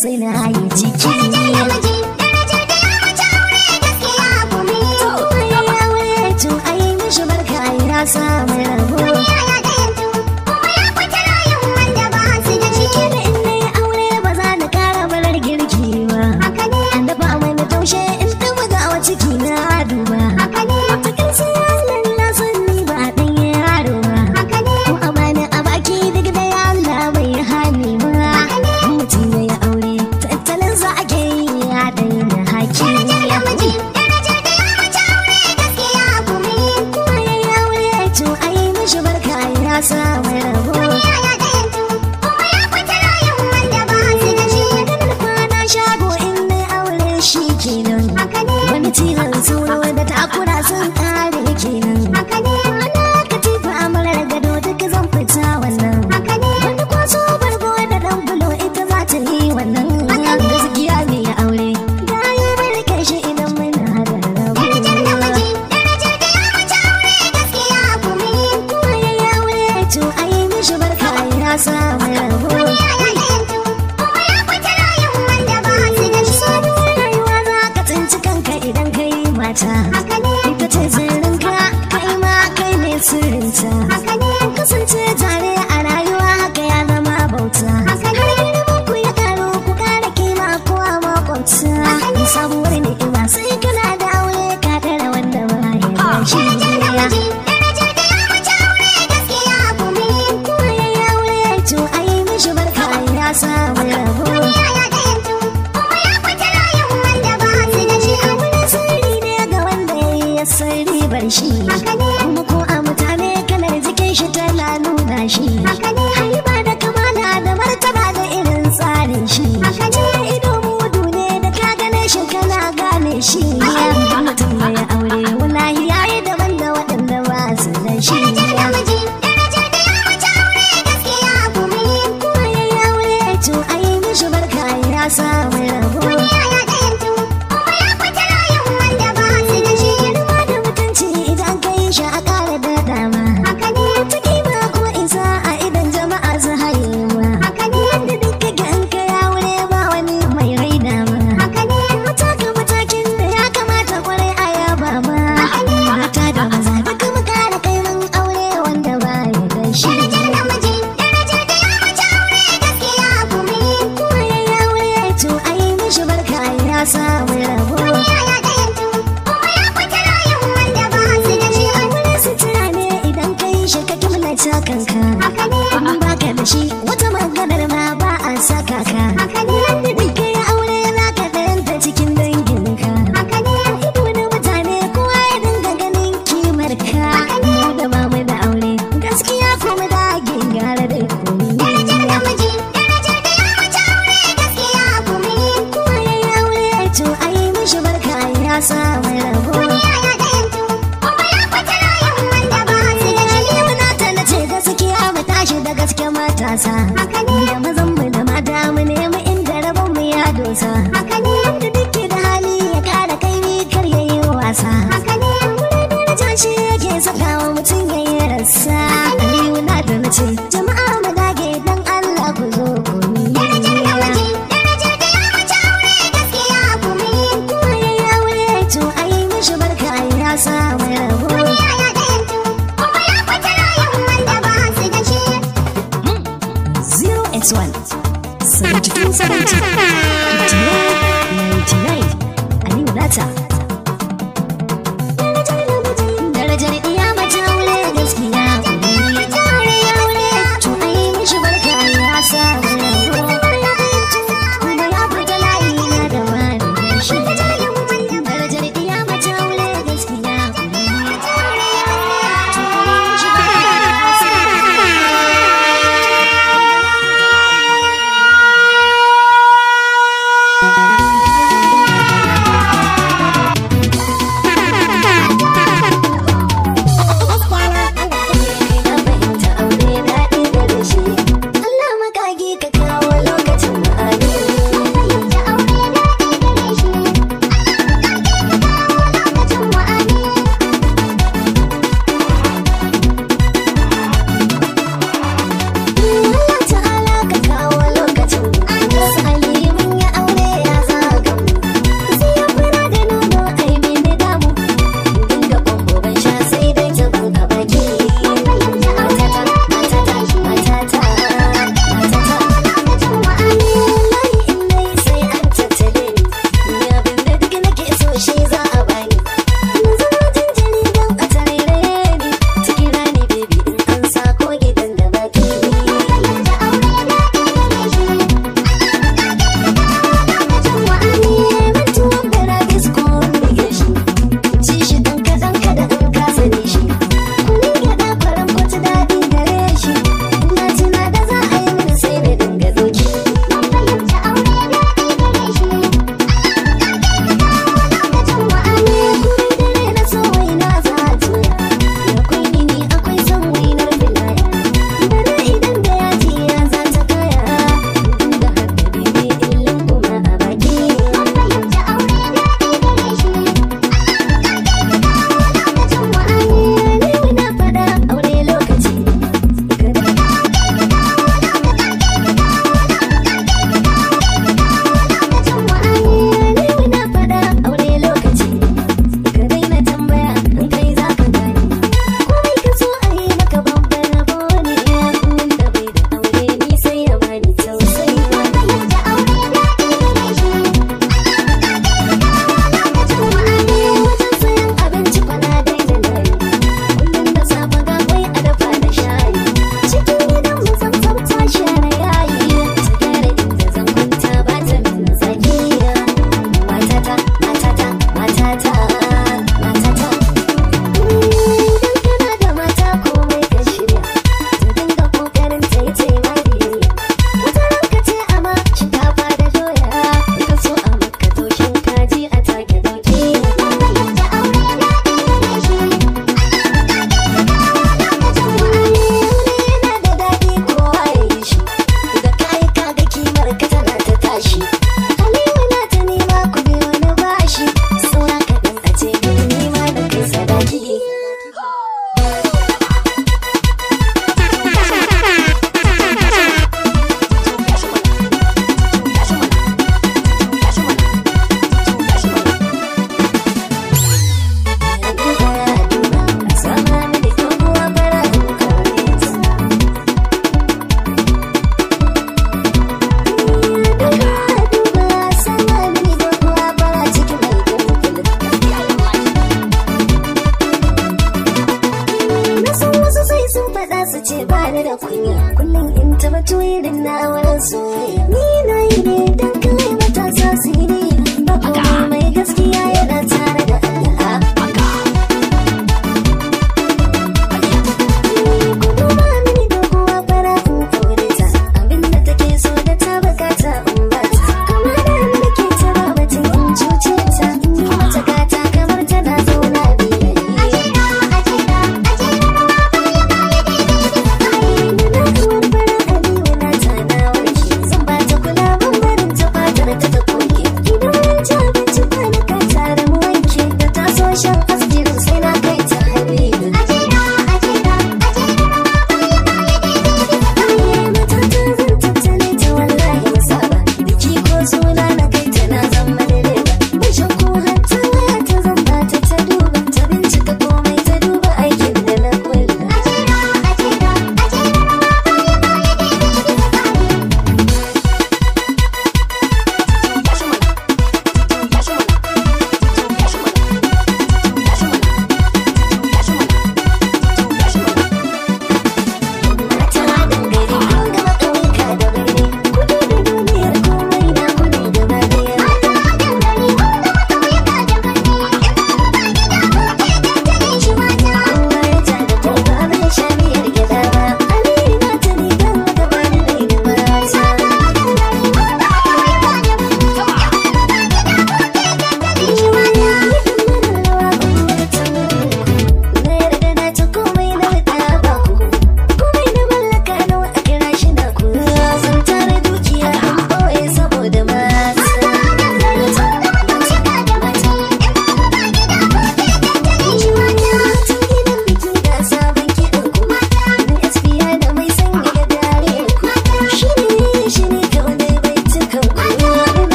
虽然爱意，紧紧。to ai mishi barka ya samu